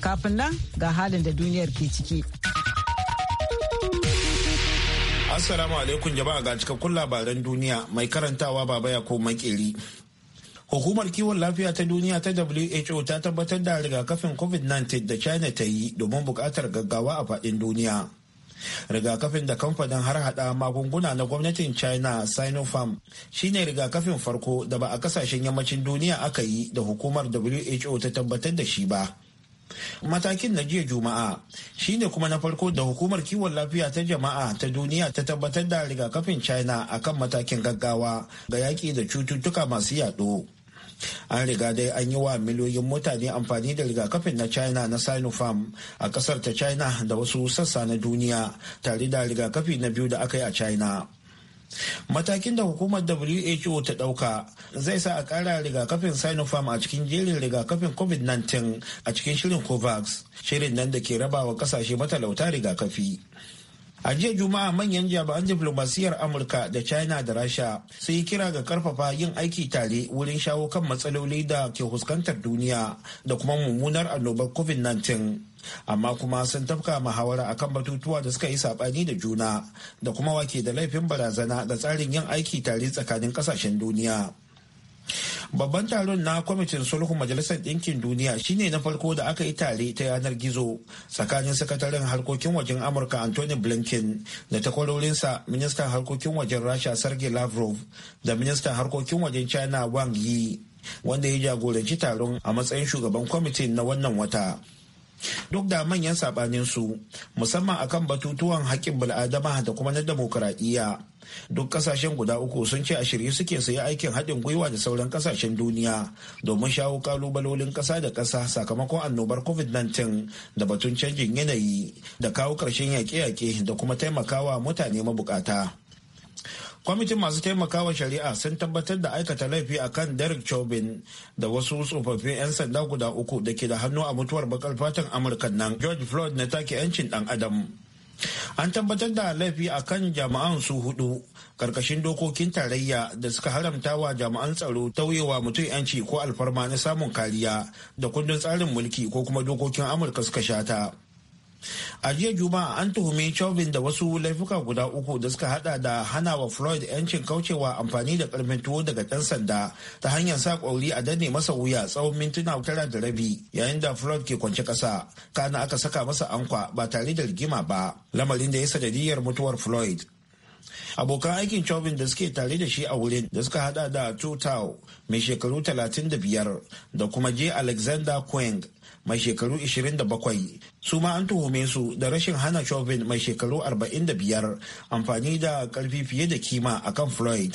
Kafin nan ga halin da duniyar ke ciki. Assalamu alaikum jama'a ga cikakkun labaran duniya mai karantawa baba ya ko makeri. Hukumar kiwon lafiya ta duniya ta WHO ta tabbatar da rigakafin COVID-19 da China ta yi domin bukatar gaggawa a faɗin duniya. rigakafin da kamfanin har hada magunguna na gwamnatin china sinopharm shine rigakafin farko da ba a kasashen yammacin duniya aka yi da hukumar who ta tabbatar da shi ba Matakin na jiya Juma'a shine kuma na farko da hukumar kiwon lafiya ta jama'a ta duniya ta tabbatar da rigakafin China akan matakin gaggawa ga yaƙi da cututtuka masu yaɗo. An riga dai an yi wa miliyoyin mutane amfani da rigakafin na China na Sinopharm a kasar ta China da wasu sassa na duniya tare da rigakafi na biyu da aka yi a China. matakin da hukumar who ta ɗauka zai sa a ƙara rigakafin sinopharm a cikin jerin rigakafin covid-19 a cikin shirin covax shirin nan da ke rabawa ƙasashe matalauta rigakafi A jiya Juma'a manyan jami'an diflomasiyyar Amurka da China da Rasha sun yi kira ga karfafa yin aiki tare wurin shawo kan matsaloli da ke fuskantar duniya da kuma mummunar annobar COVID-19. Amma kuma sun tafka muhawara kan batutuwa da suka yi saɓani da juna da kuma wake da laifin barazana ga tsarin yin aiki tare tsakanin ƙasashen duniya. Babban taron na kwamitin sulhu Majalisar Ɗinkin Duniya shine na farko da aka yi tare ta yanar gizo tsakanin sakataren harkokin wajen Amurka Anthony Blinken da takwarorinsa ministan harkokin wajen Rasha Sergei Lavrov da ministan harkokin wajen China Wang Yi wanda ya jagoranci taron a matsayin shugaban kwamitin na wannan wata. duk da manyan saɓaninsu musamman akan batutuwan haƙƙin bil'adama da kuma na demokuraɗiyya duk kasashen guda uku sun ce a shirye suke sayi aikin haɗin gwiwa da sauran kasashen duniya domin shawo kalubalolin ƙasa da ƙasa sakamakon annobar covid-19 da batun canjin yanayi da kawo ƙarshen yaƙe-yaƙe da kuma taimakawa mutane mabukata. kwamitin masu taimakawa shari'a sun tabbatar da aikata laifi a kan derek chauvin da wasu tsofaffin 'yan sanda guda uku da ke da hannu a mutuwar bakar fatan amurka nan george floyd na take 'yancin dan adam an tabbatar da laifi a kan jama'an su hudu karkashin dokokin tarayya da suka haramta wa jama'an tsaro tauyewa mutum yanci ko alfarma na samun kariya da kundin tsarin mulki ko kuma dokokin amurka suka shata a jiya juma'a an tuhumi chauvin da wasu laifuka guda uku da suka hada da hana wa floyd yancin kaucewa amfani da karfin tuwo daga dan sanda ta hanyar sa kwauri a danne masa wuya tsawon mintuna tara da rabi yayin da floyd ke kwance ƙasa kana aka saka masa ankwa ba tare da rigima ba lamarin da ya sanadiyar mutuwar floyd abokan aikin chauvin da suke tare da shi a wurin da suka hada da tutau mai shekaru 35 da kuma j alexander quang. mai shekaru 27 su ma an tuhume su da rashin hana chauvin mai shekaru 45 amfani da karfi fiye da kima akan floyd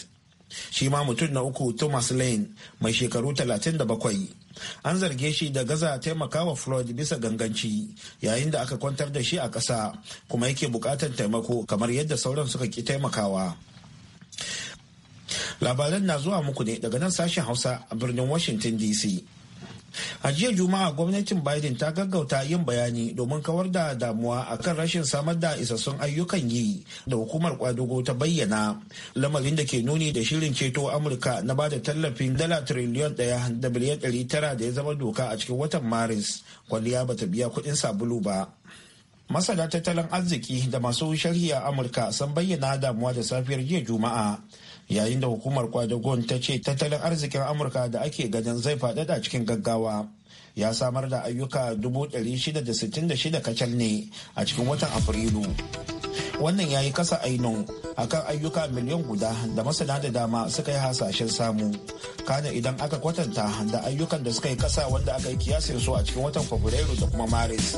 shi ma mutum na uku thomas lane mai shekaru 37 an zarge shi da gaza taimakawa floyd bisa ganganci yayin da aka kwantar da shi a ƙasa kuma yake buƙatar taimako kamar yadda sauran suka ki taimakawa labaran na zuwa muku ne daga nan sashen hausa a birnin washington dc A jiya Juma'a gwamnatin Biden ta gaggauta yin bayani domin kawar da damuwa akan rashin samar da isassun ayyukan yi da hukumar kwadugo ta bayyana. Lamarin da ke nuni da shirin ceto Amurka na bada tallafin dala triliyon ɗaya da biliyan ɗari tara da ya zama doka a cikin watan Maris. Kwalliya ta biya kuɗin sabulu ba. Masana tattalin arziki da masu sharhi a Amurka sun bayyana damuwa da safiyar jiya Juma'a yayin da hukumar kwadagon ta ce tattalin arzikin amurka da ake ganin zai faɗaɗa cikin gaggawa ya samar da ayyuka 666 kacal ne a cikin watan afrilu wannan ya yi kasa aino akan ayyuka miliyan guda da masana da dama suka yi hasashen samu kana idan aka kwatanta da ayyukan da suka yi kasa wanda aka yi kiyasin su a cikin watan fabrairu da kuma maris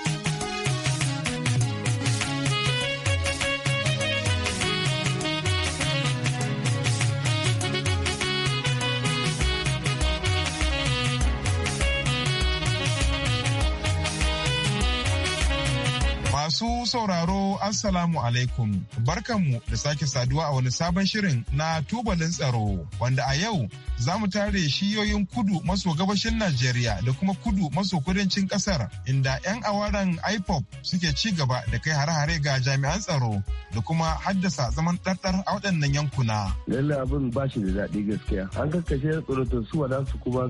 Masu sauraro Assalamu alaikum barkanmu da sake saduwa a wani sabon shirin na tubalin tsaro wanda a yau za mu tare shiyoyin kudu maso gabashin Najeriya da kuma kudu maso kudancin kasar inda 'yan awaran IPOP suke ci gaba da kai hare-hare ga jami'an tsaro da kuma haddasa zaman ɗarɗar a waɗannan yankuna. Lallai abin ba da daɗi gaskiya. An kakkashe tsoratan su wada su kuma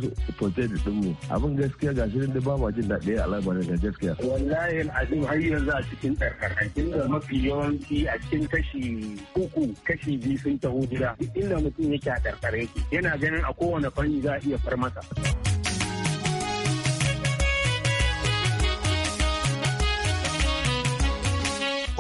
Abin gaskiya ga shirin da jin daɗi a labarin gaskiya. Wallahi azim har yanzu a cikin tsarkar da mafi yawanci a cikin kashi uku kashi biyu sun taho gida inda mutum yake a tsarkar yake yana ganin a kowane fanni za a iya far masa.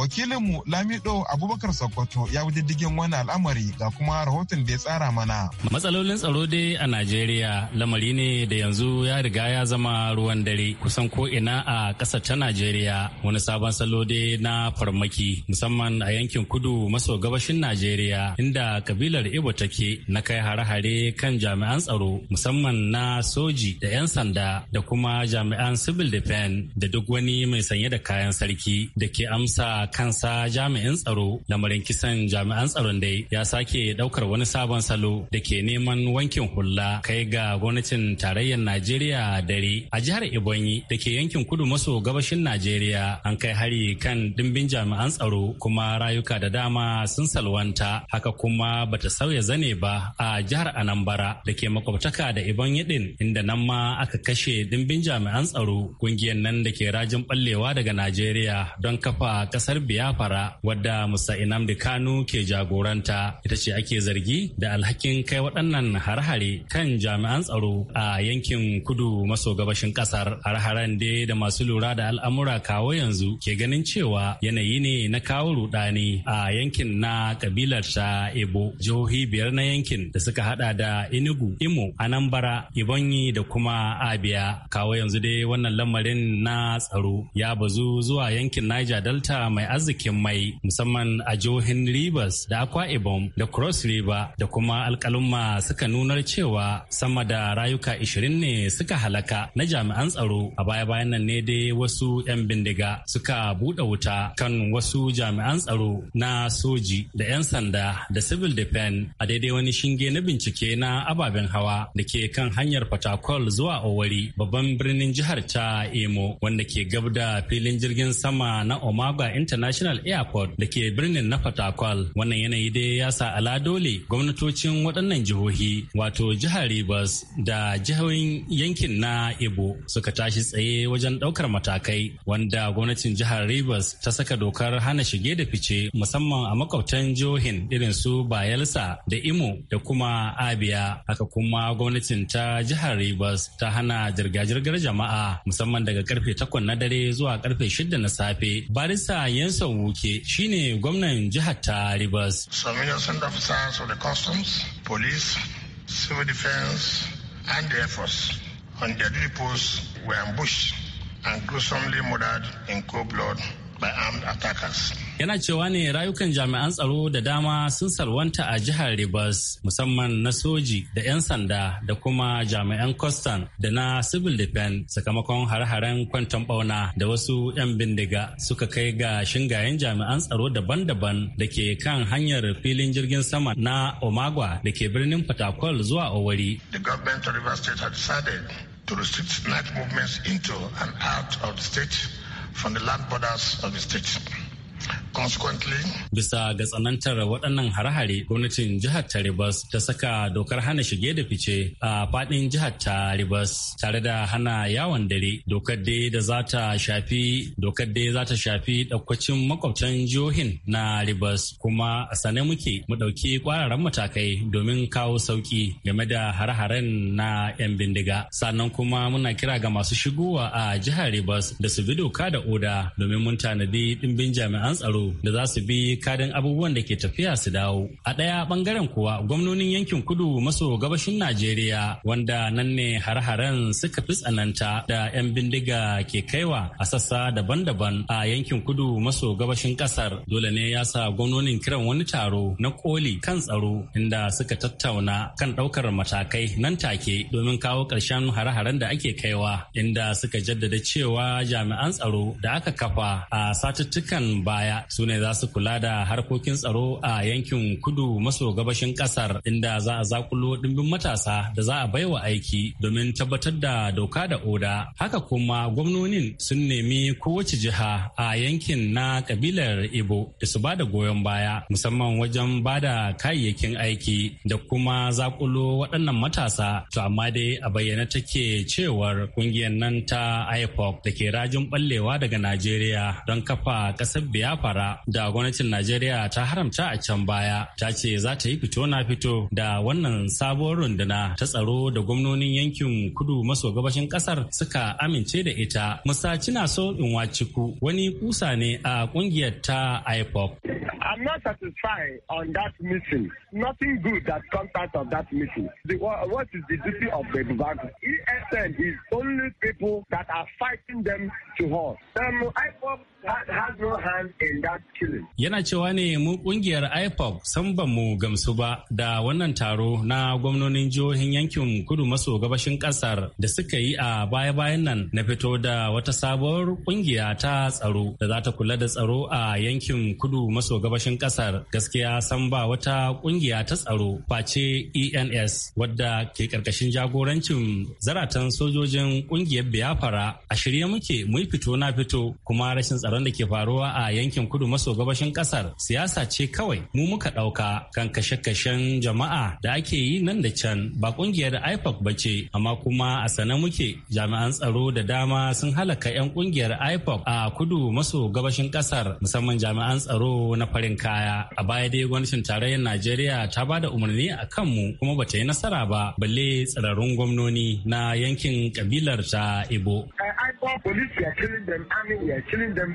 wakilinmu lamido abubakar sokoto ya bi diddigin wani al'amari ga kuma rahoton da ya tsara mana matsalolin tsaro dai a najeriya lamari ne da yanzu ya riga ya zama ruwan dare kusan ko ina a ƙasa ta najeriya wani sabon salo dai na farmaki musamman a yankin kudu maso gabashin najeriya inda kabilar ibo take na kai hare-hare kan jami'an tsaro musamman na soji da 'yan sanda da kuma jami'an civil defense da duk wani mai sanye da kayan sarki da ke amsa kansa jami'in tsaro lamarin kisan jami'an tsaron dai ya sake daukar wani sabon salo da ke neman wankin hula kai ga gwamnatin tarayyar najeriya dare a jihar ibonyi da ke yankin kudu maso gabashin najeriya an kai hari kan dimbin jami'an tsaro kuma rayuka da dama sun salwanta haka kuma bata sauya zane ba a jihar anambra da ke makwabtaka da ibonyi din inda nan ma aka kashe dimbin jami'an tsaro kungiyar nan da ke rajin ballewa daga najeriya don kafa kasar dakarun Biafra wadda Musa Inamdi Kanu ke jagoranta ita ce ake zargi da alhakin kai waɗannan harhare kan jami'an tsaro a yankin kudu maso gabashin ƙasar harharen da dai da masu lura da al'amura kawo yanzu ke ganin cewa yanayi ne na kawo rudani a yankin na kabilar ta Ebo jihohi biyar na yankin da suka hada da Enugu, Imo, Anambra, Ibonyi da kuma Abia. Kawo yanzu dai wannan lamarin na tsaro ya bazu zuwa yankin Niger Delta mai arzikin mai musamman a jihohin Rivers da Akwa Ibom da Cross River da kuma alkalumma suka nunar cewa sama da rayuka 20 ne suka halaka na jami'an tsaro a baya-bayan nan ne dai wasu 'yan bindiga suka buɗe wuta kan wasu jami'an tsaro na soji da 'yan sanda da civil defense a daidai wani shinge na bincike na ababen hawa da ke kan hanyar fatakol zuwa Owari babban birnin jihar ta Emo wanda ke gab filin jirgin sama na Omaga International international airport da ke birnin na fatakwal wannan yanayi dai ya sa ala dole gwamnatocin waɗannan jihohi wato jihar rivers da jihohin yankin na ibo suka tashi tsaye wajen ɗaukar matakai wanda gwamnatin jihar rivers ta saka dokar hana shige da fice musamman a makwabtan jihohin irin su bayelsa da imo da kuma abia haka kuma gwamnatin ta jihar rivers ta hana jirga-jirgar jama'a musamman daga karfe takwas na dare zuwa karfe shida na safe barista Yansan Wuke shine gwamnan jihar ta Rivers. Surveillance so, officers of the customs, police, civil defense and the air force on their posts were ambushed and gruesomely murdered in cold blood by armed attackers. Yana cewa ne rayukan jami'an tsaro da dama sun salwanta a jihar Rivers musamman na soji da 'yan sanda da kuma jami'an kwastan da na civil defense sakamakon har-haren kwanton bauna da wasu 'yan bindiga suka kai ga shingayen jami'an tsaro daban-daban da ke kan hanyar filin jirgin sama na Omagwa da ke birnin Fatakwal zuwa Owari. The government of Rivers State had decided to restrict night movements into and out of the state from the land borders of the state. Bisa ga tsanantar waɗannan hare gwamnatin jihar ta Rivers ta saka dokar hana shige da fice a faɗin jihar ta Rivers tare da hana yawon dare dokar dai da za ta shafi dokar dai za ta shafi ɗaukacin makwabtan jihohin na Rivers kuma a sane muke mu ɗauki ƙwararren matakai domin kawo sauki game da hare na 'yan bindiga sannan kuma muna kira ga masu shigowa a jihar Rivers da su bi doka da oda domin mun tanadi ɗimbin jami'an tsaro da za su bi kadin abubuwan da ke tafiya su dawo. A ɗaya ɓangaren kuwa gwamnonin yankin kudu maso gabashin Najeriya wanda nan ne har-haren suka fi tsananta da 'yan bindiga ke kaiwa a sassa daban-daban a yankin kudu maso gabashin ƙasar dole ne ya sa gwamnonin kiran wani taro na koli kan tsaro inda suka tattauna kan ɗaukar matakai nan take domin kawo ƙarshen har-haren da ake kaiwa inda suka jaddada cewa jami'an tsaro da aka kafa a satuttukan baya su ne za su kula da harkokin tsaro a yankin kudu maso gabashin kasar inda za a zakulo dimbin matasa da za a baiwa aiki domin tabbatar da doka da oda haka kuma gwamnonin sun nemi kowace jiha a yankin na kabilar ibo da su ba da goyon baya musamman wajen ba da kayayyakin aiki da kuma zakulo waɗannan matasa to amma dai a bayyana take cewar ƙungiyar nan ta ipoc da ke rajin ɓallewa daga najeriya don kafa ƙasar biafra da gwamnatin Najeriya ta haramta a can baya ta ce za ta yi fito na fito da wannan sabuwar runduna ta tsaro da gwamnonin yankin kudu maso gabashin kasar suka amince da ita. Musa so in ciku wani kusa ne a kungiyar ta IPOP. I'm not satisfied on that meeting. Nothing good that comes out of that meeting. The, what is the duty of the ESN is only people that are fighting them to hold. Um, IPOP Yana cewa ne mu kungiyar ipop san ba mu gamsu ba da wannan taro na gwamnonin jihohin yankin kudu maso gabashin kasar da suka yi a baya-bayan nan na fito da wata sabuwar kungiya ta tsaro da za ta kula da tsaro a yankin kudu maso gabashin kasar gaskiya san ba wata kungiya ta tsaro face ENS wadda ke karkashin jagorancin zaratan sojojin kungiyar biyafara a shirye muke mu yi fito na fito kuma rashin tsaro tsaron da ke faruwa a yankin kudu maso gabashin kasar siyasa ce kawai mu muka ɗauka kan kashe-kashen jama'a da ake yi nan da can ba kungiyar ipoc ba ce amma kuma a sane muke jami'an tsaro da dama sun halaka 'yan kungiyar ipoc a kudu maso gabashin kasar musamman jami'an tsaro na farin kaya a baya dai gwamnatin tarayyar najeriya ta ba da umarni a kan mu kuma bata yi nasara ba balle tsirarun gwamnoni na yankin kabilar ta ibo. police we are killing them, army we are killing them,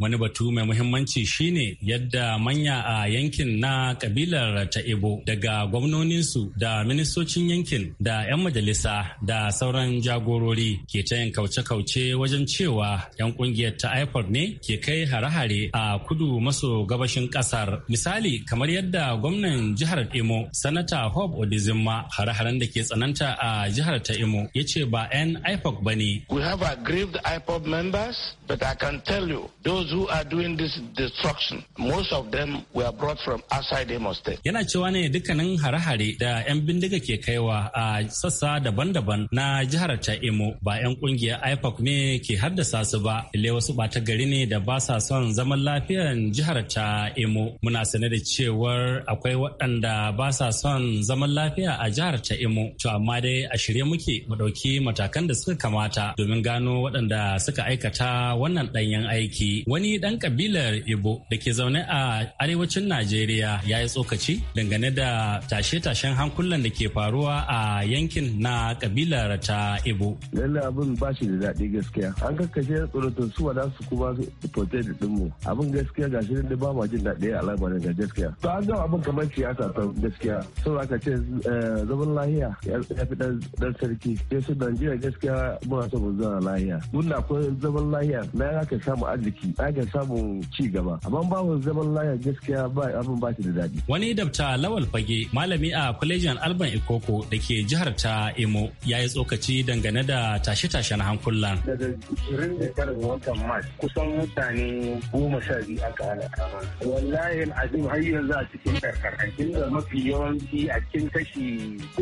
Wani batu mai muhimmanci shine yadda manya a yankin na kabilar ta Ibo daga gwamnoninsu da ministocin yankin da 'yan majalisa da sauran jagorori ke ta yin kauce-kauce wajen cewa 'yan kungiyar ta IPOD ne ke kai hare-hare a kudu maso gabashin kasar. Misali kamar yadda gwamnan jihar Imo, Sanata Hope Odizimma hare-haren da ke tsananta a jihar ta Imo ya ce ba 'yan IPOD ba ne. We have aggrieved IPOD members But I can tell you, those who are doing this destruction, most of them were brought from outside Imo State. Yana cewa ne dukkanin hare-hare da 'yan bindiga ke kaiwa a sassa daban-daban na jihar ta Imo ba 'yan kungiyar IPOC ne ke haddasa su ba, ile wasu ɓata gari ne da ba sa son zaman lafiyan jihar ta Imo. Muna sane da cewar akwai waɗanda ba sa son zaman lafiya a jihar ta Imo. To amma dai a shirye muke mu ɗauki matakan da suka kamata domin gano waɗanda suka aikata a wannan ɗanyen aiki wani ɗan kabilar ibo da ke zaune a arewacin najeriya ya yi tsokaci dangane da tashe-tashen hankulan da ke faruwa a yankin na kabilar ta ibo lalle abin ba shi da daɗi gaskiya an kakkashe tsorotun su wada su kuma da ɗinmu abin gaskiya ga shi da ba ma jin daɗi a labarin ga gaskiya to an gama abin kamar siyasa ta gaskiya sau aka ce eh, zaman lahiya ya fi ɗan sarki sai su najeriya gaskiya muna so mu zauna lahiya mun akwai zaman lahiya lahiya na ya ka samu arziki za ka samu ci gaba amma babu zaman lahiya gaskiya ba abin ba shi da daɗi. wani dabta lawal fage malami a kwalejin alban ikoko da ke jihar ta emo ya yi tsokaci dangane da tashe-tashen hankula. daga shirin da ta ga watan mars kusan mutane goma sha biyu aka kama wallahi azim har yanzu a cikin karkar inda mafi yawanci a cikin kashi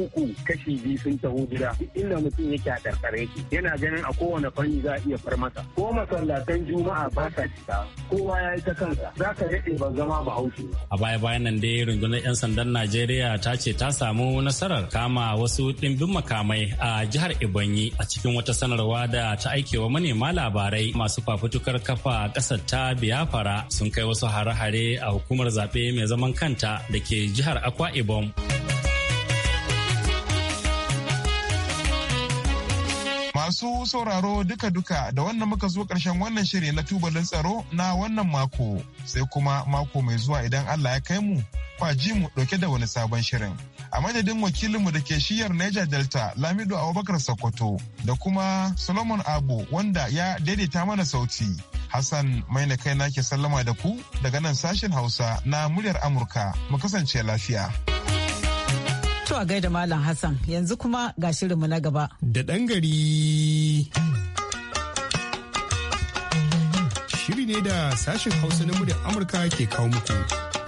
uku kashi biyu sun taho gida inda mutum yake a karkar yake yana ganin a kowane fanni za a iya far masa ko ko masallatan juma'a ba ka cika kowa ya yi ta kansa za ka daɗe ba zama ba haushi. a baya bayan nan dai rundunar 'yan sandan najeriya ta ce ta samu nasarar kama wasu ɗimbin makamai a jihar ibanyi a cikin wata sanarwa da ta aikewa manema labarai masu fafutukar kafa ƙasar ta biyafara sun kai wasu hare-hare a hukumar zaɓe mai zaman kanta da ke jihar akwa ibom. Masu sauraro duka-duka da wannan muka zo karshen wannan shiri na tubalin tsaro na wannan mako sai kuma mako mai zuwa idan Allah ya kai mu kwaji mu ɗauke da wani sabon shirin. A madadin wakilinmu da ke shiyar Niger Delta Lamido Abubakar Sokoto da kuma Solomon Abu wanda ya daidaita mana sauti. Hassan na kai nake sallama da ku daga nan sashen Hausa na muryar Amurka mu kasance lafiya. To a gaida Malam Hassan yanzu kuma ga shirinmu na gaba. Da ɗan gari. Shiri ne da sashen Hausa na muryar Amurka ke kawo muku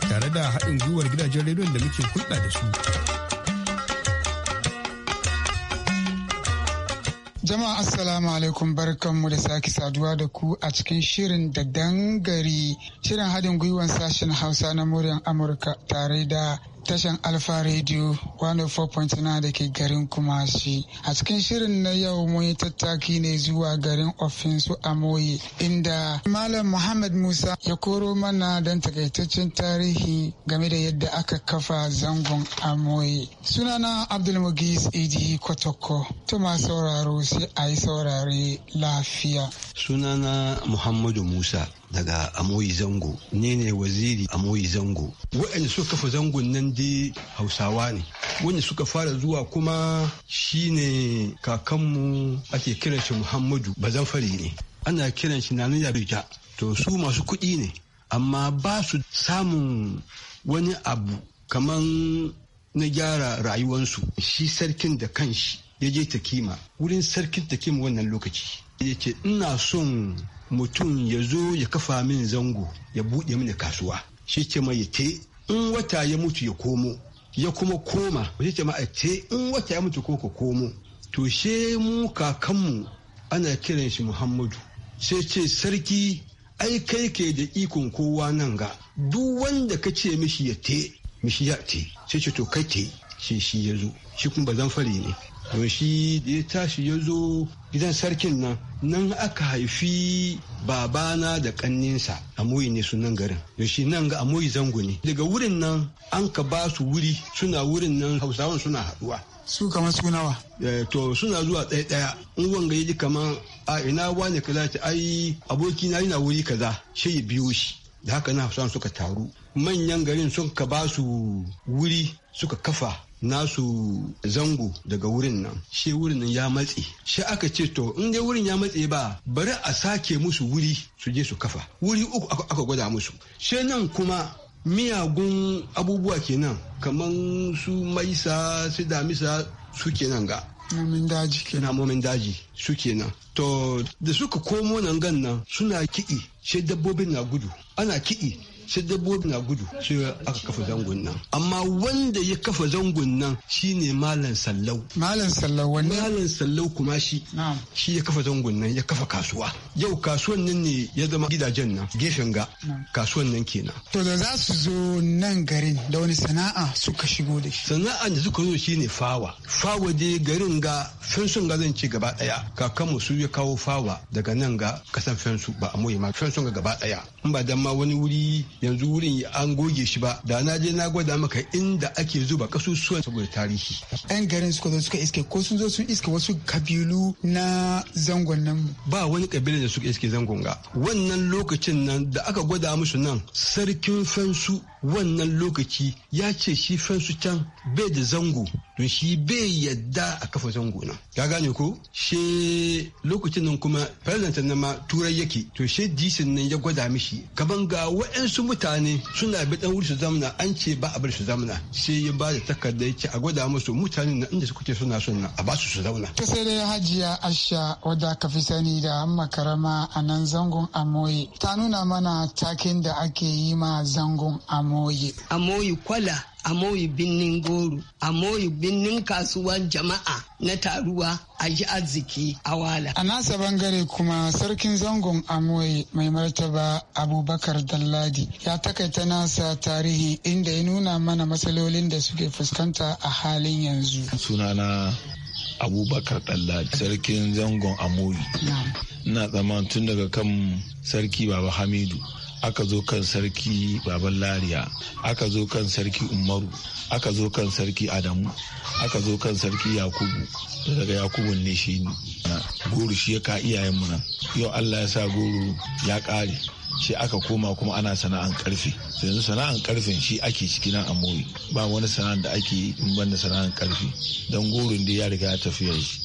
tare da haɗin gwiwar gidajen rediyon da muke kulɗa da su. Jama'a Assalamu alaikum barkanmu da sake saduwa da ku a cikin shirin da dangari shirin haɗin gwiwar sashen Hausa na muryar Amurka tare da tashan alfa radio 104.9 da ke garin kumasi a cikin shirin na yau mun yi tattaki ne zuwa garin ofinsu a moye inda malam muhammad musa ya koro mana don takaitaccen tarihi game da yadda aka kafa zangon a moye sunana abdulmugis idi kotoko to ma sauraro sai a yi saurare lafiya sunana muhammadu musa daga amoyi zango ne ne waziri amoyi zango waɗanda suka kafa zangon nan dai hausawa ne wanda suka fara zuwa kuma Shi shine kakanmu ake kiran shi muhammadu bazanfari ne ana kiran shi nanu yabija to su masu kuɗi ne amma ba su samun wani abu kaman na gyara rayuwansu shi sarkin da kanshi ya je ta kima. wurin sarkin ta kima wannan lokaci ya ce ina son mutum ya zo ya kafa min zango ya buɗe mini kasuwa shi ce mai te in wata ya mutu ya komo ya kuma koma ba shi ce ma te in wata ya mutu ko komo to she mu kakanmu ana kiran shi muhammadu sai ce sarki ai kai ke da ikon kowa nan ga duk wanda ka ce mishi ya te mishi ya te sai ce to kai te shi shi ya zo shi kuma bazan fari ne don shi da ya tashi ya zo gidan sarkin nan nan aka haifi babana da kanninsa a moyi ne sunan garin yaushe nan ga amoyi zango ne daga wurin nan an ka ba su wuri suna wurin nan hausawan suna haduwa su kamar sunawa eh, to suna zuwa ɗaya ɗaya in wanga ya ji kamar a ina wani kaza ta ai aboki na yana wuri kaza shi ya biyo shi da haka na hausawan suka taru manyan garin sun ka ba su wuri suka kafa nasu zango daga wurin nan shi wurin ya matse shi aka ce to in dai wurin ya matse ba bari a sake musu wuri su je su kafa wuri uku aka gwada musu shi nan kuma miyagun abubuwa kenan kamar su maisa su damisa su kenan ga namomin daji kenan namomin daji su kenan to da suka komo nan gan nan suna kiɗi shi dabbobin na gudu ana kiɗi sai dabbobi na gudu sai aka kafa zangon nan amma wanda ya kafa zangon nan shine malam sallau malam sallau wanne malam sallau kuma shi shi ya kafa zangon nan ya kafa kasuwa yau kasuwan nan ne ya zama gidajen nan gefen ga kasuwan nan kenan to da za su zo nan garin da wani sana'a suka shigo da shi sana'a da suka zo shine fawa fawa dai garin ga fensun ga zan ci gaba daya kakanmu su ya kawo fawa daga nan ga kasan fensu ba a ma fensun ga gaba daya in ba dan ma wani wuri yanzu wurin an goge shi ba da na je na gwada maka inda ake zuba kasusuwan saboda tarihi yan garin suka zo suka iske ko sun zo sun iske wasu kabilu na zangon nan ba wani kabila da suka iske zangon ga wannan lokacin nan da aka gwada musu nan sarkin fansu wannan lokaci ya ce shi fensu can bai da zango don shi bai yadda a kafa zango nan ka gane ko she lokacin nan kuma president na ma turai yake to she disin nan ya gwada mishi kaban ga waɗansu mutane suna bi dan wurin su zamna an ce ba a bar su zamna sai ya ba da takarda ya ce a gwada musu mutanen na inda suke suna son nan a ba su su zauna ta sai dai hajiya asha wadda ka fi sani da amma karama a nan zangon amoye ta nuna mana takin da ake yi ma zangon amoye amoyi amoyi kwala amoyi binnin goro amoyi binnin kasuwan jama'a na taruwa a ji arziki a wala. A nasa bangare kuma sarkin zangon amoyi mai martaba abubakar dalladi ya takaita nasa tarihi inda ya nuna mana matsalolin da suke fuskanta a halin yanzu. Sunana abubakar dalladi sarkin zangon amoyi. Ina zama tun daga kan sarki baba hamidu aka zo kan sarki baban lariya aka zo kan sarki umaru aka zo kan sarki adamu aka zo kan sarki yakubu da daga yakubu ne shi ne. goro shi ya ka iyayenmu muna yau allah ya sa goro ya kare shi aka koma kuma ana sana'an karfe yanzu sana'an karfen shi ake ciki nan a ba wani sana'an da ake yi in banda sana'an karfe don goron da ya riga ya tafiya shi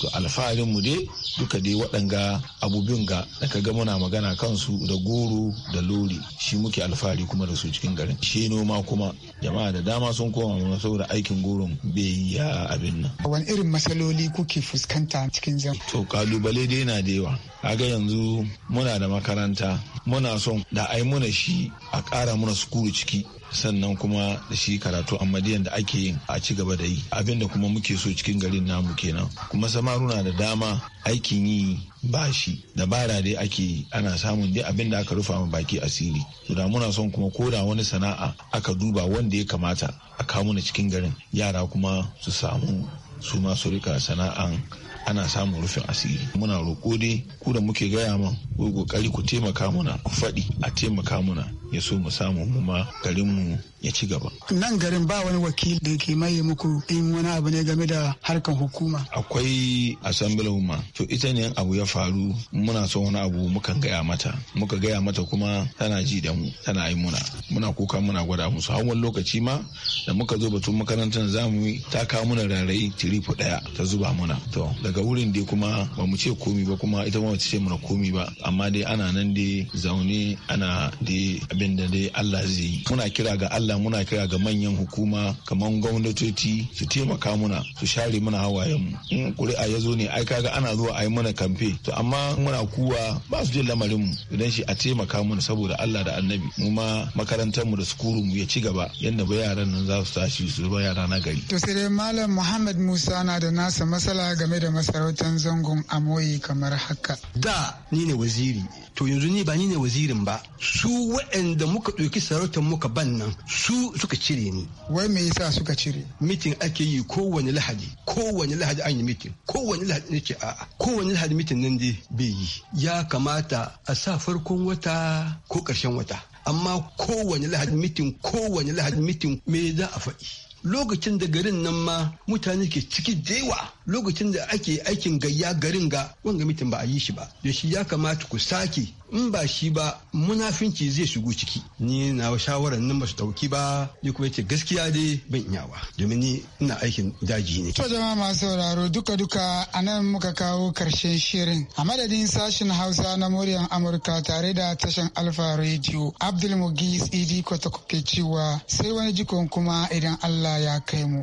to alfaharin mu dai duka dai waɗanga abubuwan ga da ka ga muna magana kansu da goro da lori shi muke alfahari kuma da su cikin garin shi noma kuma jama'a da dama sun koma mana saboda aikin goron bai ya abin nan wani irin matsaloli kuke fuskanta cikin zan to kalubale dai na da yawa kaga yanzu muna da makaranta muna son da ai muna shi a ƙara muna sukuru ciki sannan kuma da shi karatu ammadiyan da ake yin a ci gaba da yi abin da kuma muke so cikin garin namu kenan kuma samaruna da dama aikin yi bashi dabara dai ake ana samun dai abin da aka rufa ma baki asiri to da muna son kuma koda wani sana'a aka duba wanda ya kamata a kawo na cikin garin yara kuma su samu su ma su rika sana'an ana samun rufin asiri muna roƙo dai ku da muke gaya man ku kokari ku taimaka muna ku faɗi a taimaka muna ya so mu samu mu garin mu ya ci gaba. Nan garin ba wani wakili da ke maye muku in wani abu ne game da harkan hukuma. Akwai assembly ma to ita ne abu ya faru muna son wani abu mukan gaya mata muka gaya mata kuma tana ji da mu tana yi muna muna kuka muna gwada musu har wani lokaci ma da muka zo batun makarantar zamu yi ta kawo muna rarayi tirifu daya ta zuba muna to daga wurin dai kuma ba mu ce komi ba kuma ita ma ba ce muna komi ba amma dai ana nan dai zaune ana dai abin da dai Allah zai yi muna kira ga Allah muna kira ga manyan hukuma kamar gwamnatoci su taimaka muna su share muna hawayen mu in kuri'a ya zo ne ai kaga ana zuwa ai mana kamfe to amma muna kuwa ba su jin lamarin mu idan shi a taimaka muna saboda Allah da Annabi mu ma makarantar mu da sukuru mu ya ci gaba yanda ba yaran nan za su tashi su ba yara na gari to sai dai malam Muhammad Musa na da nasa masala game da masarautar zangon Amoyi kamar haka da ni ne waziri to yanzu ni ba ni ne wazirin ba su wa'en da muka ɗauki sarautar muka ban nan su suka cire ni. Wai me yasa suka cire? Mitin ake yi kowane lahadi, kowane lahadi an yi mitin, kowane lahadi ne ce a'a, kowane lahadi mitin nan dai bai yi. Ya kamata a sa farkon wata ko ƙarshen wata. Amma kowane lahadi mitin, kowane lahadi mitin me za a faɗi. lokacin da garin nan ma mutane ke ciki dewa lokacin da ake aikin gayya garin ga wanga mitin ba a yi shi ba da shi ya kamata ku sake in ba shi ba munafinci zai shigo ciki ni na shawarar nan masu su dauki ba ni kuma yace gaskiya dai ban iya ba domin ni ina aikin daji ne to jama'a masu sauraro duka duka anan muka kawo karshen shirin a madadin sashin Hausa na muryar Amurka tare da tashan Alfa Radio Abdul Mugis kwata kuke cewa sai wani jikon kuma idan Allah ya kai mu.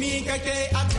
mi kake a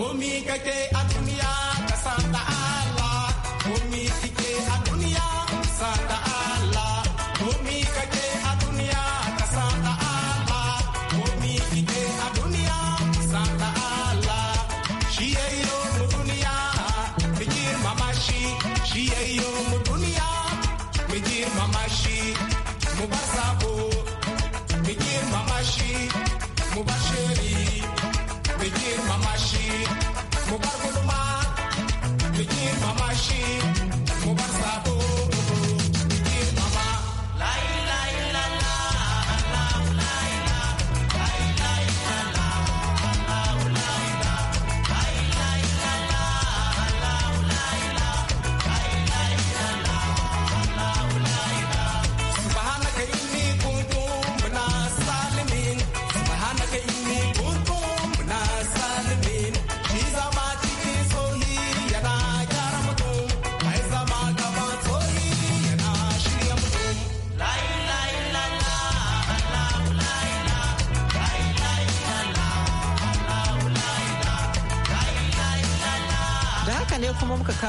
komi kake